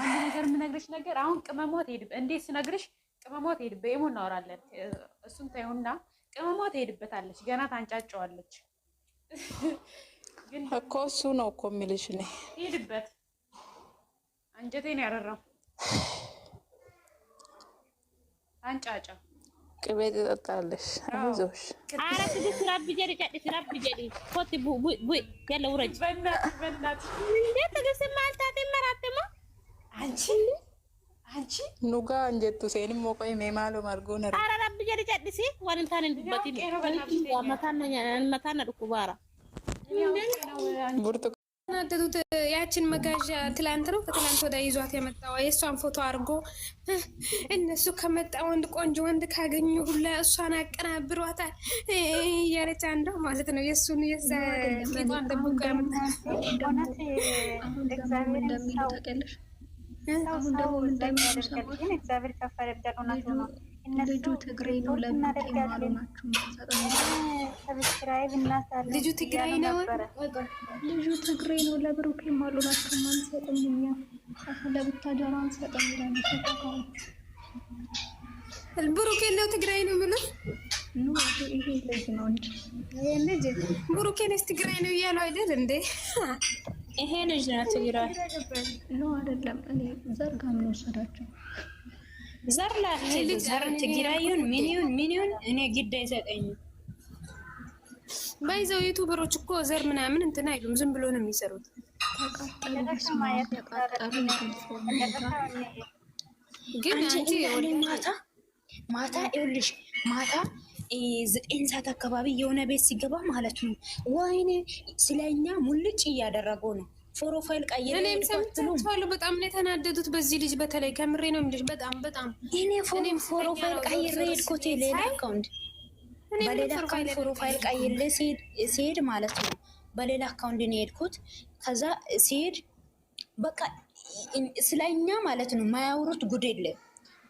አንድ ነገር የምነግርሽ ነገር አሁን ቅመሟ ትሄድበት። እንዴት ስነግርሽ ቅመሟ ትሄድበት። ይሞ እናወራለን። እሱን ተይውና ቅመሟ ትሄድበታለች። ገና ታንጫጫዋለች እኮ። እሱ ነው እኮ የሚልሽ እኔ ትሄድበት። አንጀቴን ያረራው አንጫጫ ቅቤ ትጠጣለሽ። አይዞሽ። ኧረ ትዕግስት ረቢ ጀሪ ጨ ረቢ ጀሪ ኮት ቡይ ቡይ ያለ ውረጅ በእናትሽ በእናትሽ እንዴት ትዕግስት ማልታት ይመራት አንቺ አንቺ ኑጋ እንጀቱ ሴንም ሞቆይ ሜማሎ ማርጎ ነረ አረ ረብ ጀሪ ጀዲሲ ወንታን እንድበቲ መታነ ዱኩባራ ናደዱት ያችን መጋዣ ትላንት ነው ከትላንት ወደ ይዟት የመጣው የእሷን ፎቶ አድርጎ እነሱ ከመጣ ወንድ ቆንጆ ወንድ ካገኙ ሁላ እሷን አቀናብሯታል እያለች አንዷ ማለት ነው። የእሱን የዛ ፊቷን ደግሞ ጋር ምታ አሁን ደግሞ እንዳይመሩ ሰዎች ልጁ ትግሬ ነው ለምን ማሉ ልጁ ትግራይ ነው ልጁ ትግሬ ነው ለብሩኬ ማሉ ናችሁ? አንሰጥም እኛ ለቡታጀራ አንሰጥም ይላሉ። ብሩኬ ነው ትግራይ ነው ብሎ ይሄ ነው ትግራይ ነው እያሉ አይደል እንዴ? ይሄ ልጅ ናት ትግራይ ነው አይደለም? እኔ ዘር ጋር ምን ወሰዳቸው? ዘር ላይ ዘር ትግራዩን ሚኒዩን ሚኒዩን እኔ ግድ አይሰጠኝም። ባይዘው ዩቱበሮች እኮ ዘር ምናምን እንትን አይሉም፣ ዝም ብሎ ነው የሚሰሩት። ግን ማታ ማታ ይኸውልሽ ማታ ዘጠኝ ሰዓት አካባቢ የሆነ ቤት ሲገባ ማለት ነው። ወይኔ ስለኛ ሙልጭ እያደረጉ ነው። ፕሮፋይል ቀይረ በጣም ነው የተናደዱት በዚህ ልጅ በተለይ ከምሬ ነው የምልሽ። በጣም በጣም እኔ ፕሮፋይል ቀይረ ሄድኩት ሌላ አካውንት በሌላ አካውንት ፕሮፋይል ቀይረ ሲሄድ ማለት ነው በሌላ አካውንት ነው የሄድኩት። ከዛ ሲሄድ በቃ ስለኛ ማለት ነው ማያውሩት ጉድ የለም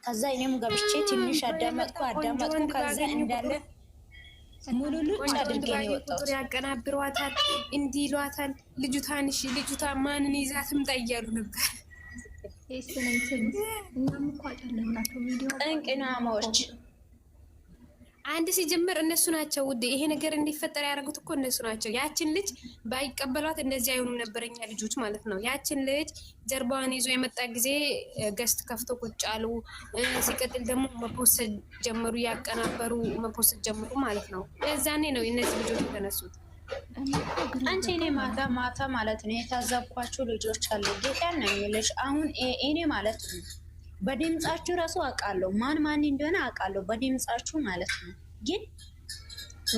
ከዛ እኔም ገብቼ ትንሽ አዳመጥኩ አዳመጥኩ። ከዛ እንዳለ ሙሉሉጭ አድርጌ ነው የወጣሁት። ያቀናብሯታል፣ እንዲህ ይሏታል፣ ልጅቷን እሺ፣ ልጅቷ ማንን ይዛትም ጠያሉ ነበር። ጠንቅናሞች አንድ ሲጀምር እነሱ ናቸው ውዴ፣ ይሄ ነገር እንዲፈጠር ያደረጉት እኮ እነሱ ናቸው። ያችን ልጅ ባይቀበሏት እንደዚህ አይሆኑም ነበረኛ ልጆች ማለት ነው። ያችን ልጅ ጀርባዋን ይዞ የመጣ ጊዜ ገስት ከፍቶ ቁጭ አሉ። ሲቀጥል ደግሞ መፖሰድ ጀመሩ፣ ያቀናበሩ መፖሰድ ጀመሩ ማለት ነው። እዛኔ ነው እነዚህ ልጆች የተነሱት። አንቺ እኔ ማታ ማታ ማለት ነው የታዘብኳቸው ልጆች አሉ። ጌታ ነው የሚልሽ አሁን እኔ ማለት ነው በድምጻችሁ ራሱ አውቃለሁ ማን ማን እንደሆነ አውቃለሁ፣ በድምጻችሁ ማለት ነው። ግን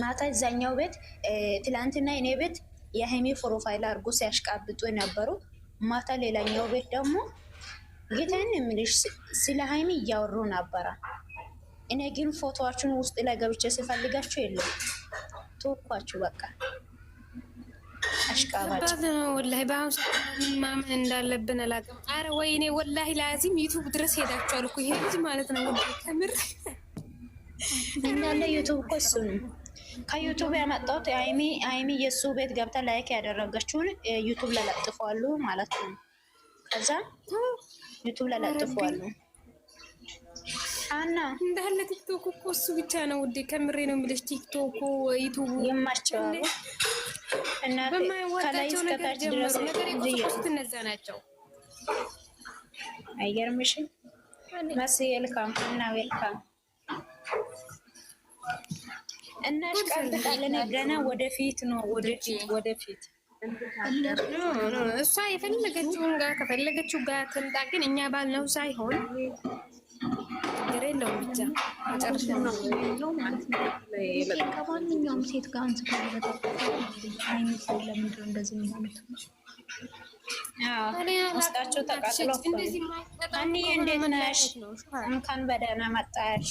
ማታ እዛኛው ቤት ትላንትና እኔ ቤት የሀይሚ ፕሮፋይል አድርጎ ሲያሽቃብጡ የነበሩ ማታ ሌላኛው ቤት ደግሞ ጌታን የምልሽ ስለ ሀይሚ እያወሩ ነበረ። እኔ ግን ፎቶዋችሁን ውስጥ ላይ ገብቼ ስፈልጋችሁ የለም ተውኳችሁ በቃ። አሽቃባጭ ወላሂ በአሁኑ ሰዓት ማመን እንዳለብን አላውቅም። አረ ወይኔ ወላሂ ላዚም ዩቱብ ድረስ ሄዳችኋል እኮ ይሄ ልጅ ማለት ነው። ከምር እንዳለ ዩቱብ እኮ እሱ ነው ከዩቱብ ያመጣሁት አይሚ አይሚ የእሱ ቤት ገብታ ላይክ ያደረገችውን ዩቱብ ለለጥፏሉ ማለት ነው። ከዛ ዩቱብ ለለጥፏሉ አና እንዳለ ቲክቶክ እኮ እሱ ብቻ ነው ውዴ፣ ከምሬ ነው የምልሽ። ቲክቶክ ዩቱብ ይማቸዋል እና በማይወጣቸው ነገር ጀምሮ ነገር የቆሰቁሱት እነዛ ናቸው። አይገርምሽም? መስ ዌልካም እና ዌልካም እና ሽቃልጣለነ ገና ወደፊት ነው ወደፊት ወደፊት እሷ የፈለገችውን ጋር ከፈለገችው ጋር ትምጣ፣ ግን እኛ ባልነው ሳይሆን ችግር የለውም። ብቻ መጨረሻ ከማንኛውም ሴት ጋር አንስቶ አይመስል ለምንድነው እንደዚህ የሚሆኑት? ውስጣቸው ተቃጥሎ እንዴት ነሽ? እንኳን በደህና መጣሽ።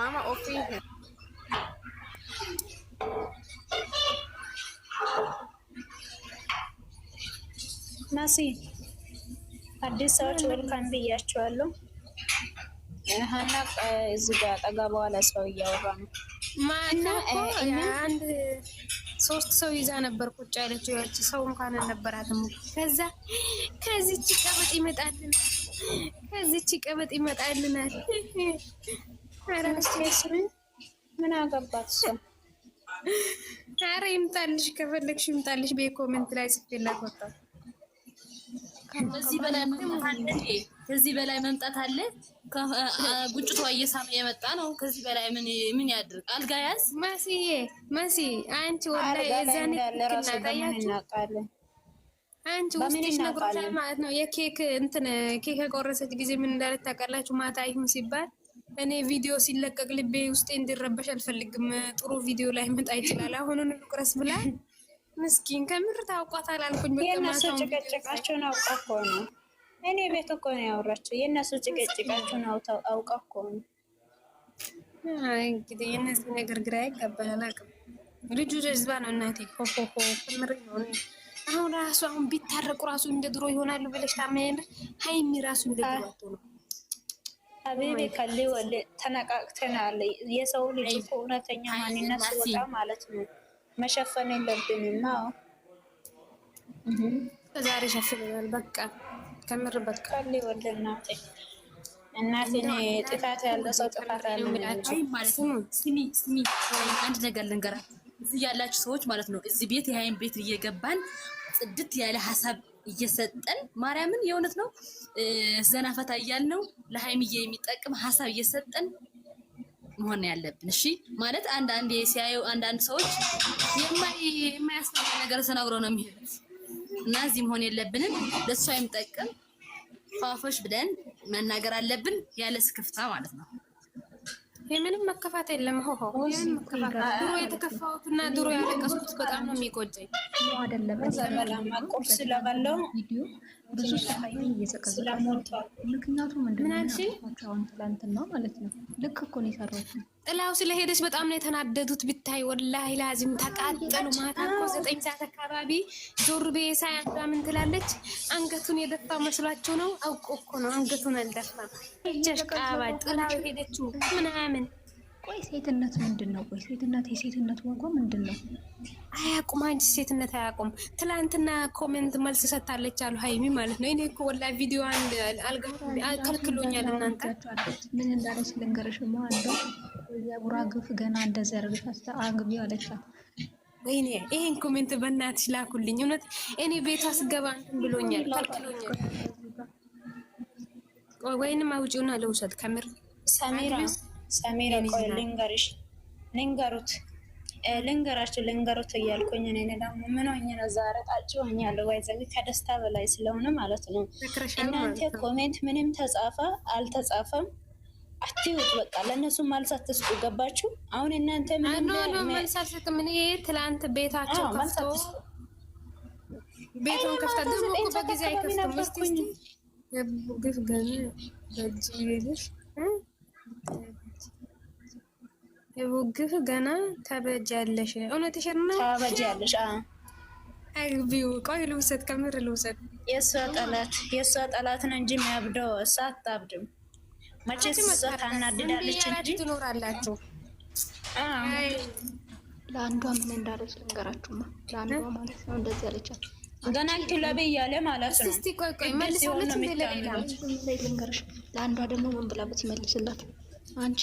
ማማ ኦፊ አዲስ ሰዎች መልካም ብያቸዋለሁ። ሀና እዚ ጋ ጠጋ በኋላ ሰው እያወራ ነው። አንድ ሶስት ሰው ይዛ ነበር ቁጭ ያለችው። ያቺ ሰው እንኳን አልነበራትም። ከዛ ከዚች ቀበጥ ይመጣልናል፣ ከዚች ቀበጥ ይመጣልናል። ምን አገባት ሰው? አረ ይምጣልሽ፣ ከፈለግሽ ይምጣልሽ። በኮሜንት ላይ ጽፌላት ወጣሁ። ከዚህ በላይ መምጣት አለ። ከዚህ በላይ መምጣት አለ። ጉጭቷ እየሳመ የመጣ ነው። ከዚህ በላይ ምን ምን ያድርግ? አልጋ ያዝ ማስዬ፣ ማሲ አንቺ ወላሂ የዛኔ እናቃለን። አንቺ ውስጥሽ ነግሮሻል ማለት ነው። የኬክ እንትን ኬክ የቆረሰች ጊዜ ምን እንዳለት ታውቃላችሁ? ማታ ይሁን ሲባል እኔ ቪዲዮ ሲለቀቅ ልቤ ውስጤ እንዲረበሽ አልፈልግም። ጥሩ ቪዲዮ ላይ መጣ ይችላል። አሁኑን ቁረስ ብላል ምስኪን ከምር ታውቋት አላልኩኝ። የእነሱ ጭቅጭቃቸውን አውቃ እኮ ነው። እኔ ቤት እኮ ነው ያወራቸው። የእነሱ ጭቅጭቃቸውን አውቃ እኮ ነው። እንግዲህ የእነዚህ ነገር ግራ ይገባል። አቅም ልጁ ጀዝባ ነው እናቴ። ሆሆሆ ከምር ነው። አሁን ራሱ አሁን ቢታረቁ ራሱ እንደ ድሮ ይሆናሉ ብለሽ ታመያለ። ሀይሚ ራሱ እንደ ድሮ ነው። አቤቤ ከሌ ወሌ ተነቃቅተናል። የሰው ልጅ እውነተኛ ማንነት ወጣ ማለት ነው። መሸፈን የለብንና ዛሬ ሸፍነናል። በቃ ከምር በቃ ወደ እናቴ እናቴ ጥፋት ያለው ሰው ጥፋት ያለው አንድ ነገር እዚህ ያላችሁ ሰዎች ማለት ነው እዚህ ቤት የሀይን ቤት እየገባን ጽድት ያለ ሀሳብ እየሰጠን ማርያምን የእውነት ነው ዘናፈታ ለሀይምዬ የሚጠቅም ሀሳብ እየሰጠን መሆን ያለብን። እሺ ማለት አንዳንድ ሲያዩ አንዳንድ ሰዎች የማያስተማ ነገር ተናግሮ ነው የሚሄዱት እና እዚህ መሆን የለብንም። ለእሷ የምጠቅም ፋፎች ብለን መናገር አለብን፣ ያለ ስክፍታ ማለት ነው። የምንም መከፋት የለም። ሆሆ ድሮ እና ድሮ ያለቀስኩት በጣም ነው የሚቆጨኝ። አይደለም ቁርስ ለበለው ብዙ ሰው ሀይሌ እየዘቀዘቀ ምክንያቱም ምንድነውን ትላንትና ማለት ነው ልክ እኮ ነው የሰራሁት። ጥላው ስለሄደች በጣም ነው የተናደዱት። ብታይ ወላሂ ላዚም ተቃጠሉ። ማታ እኮ ዘጠኝ ሰዓት አካባቢ ዞር ቤሳ ሳይ ምን ትላለች? አንገቱን የደፋ መስሏቸው ነው። አውቆ እኮ ነው አንገቱን አልደፋም። ጨሽቃባ ጥላው የሄደችው ምናምን ቆይ ሴትነት ምንድን ነው? ቆይ ሴትነት የሴትነት ወጎ ምንድን ነው? አያቁም። አንቺ ሴትነት አያቁም። ትላንትና ኮሜንት መልስ ሰጥታለች አሉ ሀይሚ ማለት ነው። እኔ እኮ ወላሂ ቪዲዮ ከልክሎኛል። እናንተ ምን እንዳለች ልንገርሽ። ማለው የቡራ ግፍ ገና እንደዚ ያደርግሽ አግቢ አለቻት። ወይኔ ይሄን ኮሜንት በእናትሽ ላኩልኝ። እውነት እኔ ቤቷ ስገባ እንትን ብሎኛል፣ ከልክሎኛል። ወይንም አውጪውና ለውሰድ ከምር ሰሜራ ሰሜን ቆይ ልንገርሽ፣ ልንገሩት፣ ልንገራቸው ልንገሩት እያልኩኝ እኔ ደግሞ ምን ሆኜ ነው ዛሬ ጣጭሆኛለሁ። ባይዘዊ ከደስታ በላይ ስለሆነ ማለት ነው። እናንተ ኮሜንት ምንም ተጻፈ አልተጻፈም አትዩት በቃ ለእነሱ መልስ ትስጡ። ገባችሁ? አሁን እናንተ መልስ አልሰጥም። እኔ ትላንት ቤታቸው ከፍቶ ቤቱን ከፍታ ደግሞ በጊዜ አይከፍትም። የቦግፍ ገና ተበጃለሽ። እውነትሽን ነው ተበጃለሽ። አግቢው። ቆይ ልውሰድ፣ ከምር ልውሰድ። የእሷ ጠላት የእሷ ጠላት ነው እንጂ የሚያብደው እሷ አታብድም። መቼ እሷ ታናድዳለች እንጂ ትኖራላችሁ። ለአንዷ ምን እንዳለች ልንገራችሁማ። ለአንዷ ማለት ነው እንደዚህ ያለቻት ገና ክለብ እያለ ማለት ነው። እስቲ ቆይ ቆይ መልስለት፣ ለሌላ ልንገርሽ። ለአንዷ ደግሞ ምን ብላ ብትመልስላት አንቺ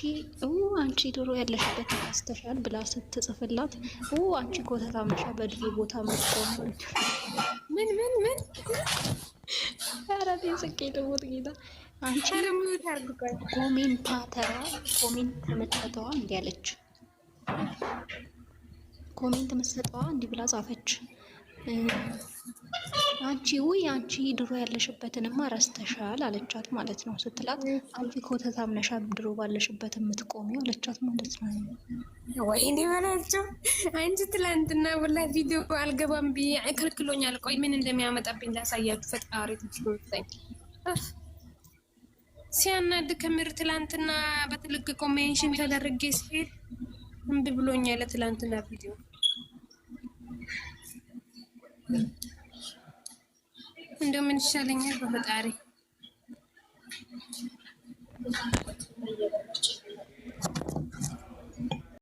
አንቺ ዶሮ ያለሽበት አስተሻል ብላ ስትጽፍላት አንቺ ኮተታ መሻ በድሮ ቦታ መጥቆ ምን ምን ምን አራት የስቄ ልሙት ጌታ አንቺ ኮሜንታተራ ኮሜንት መጠጠዋ እንዲያለች ኮሜንት መሰጠዋ እንዲህ ብላ ጻፈች። አንቺ ውይ አንቺ ድሮ ያለሽበትንማ ረስተሻል አለቻት ማለት ነው። ስትላት አንቺ ኮተታም ነሻ ድሮ ባለሽበት የምትቆሚው አለቻት ማለት ነው። ወይኔ በላቸው አንቺ ትላንትና ወላ ቪዲዮ አልገባም ብዬ ከልክሎኛል። ቆይ ምን እንደሚያመጣብኝ ላሳያችሁ። ፈጣሪ ትችሎታኝ ሲያናድ ከምር ትላንትና በትልቅ ኮሜንሽን ተደርጌ ሲሄድ እምቢ ብሎኛል። ትላንትና ቪዲዮ እንደው ምን ይሻለኛል በፈጣሪ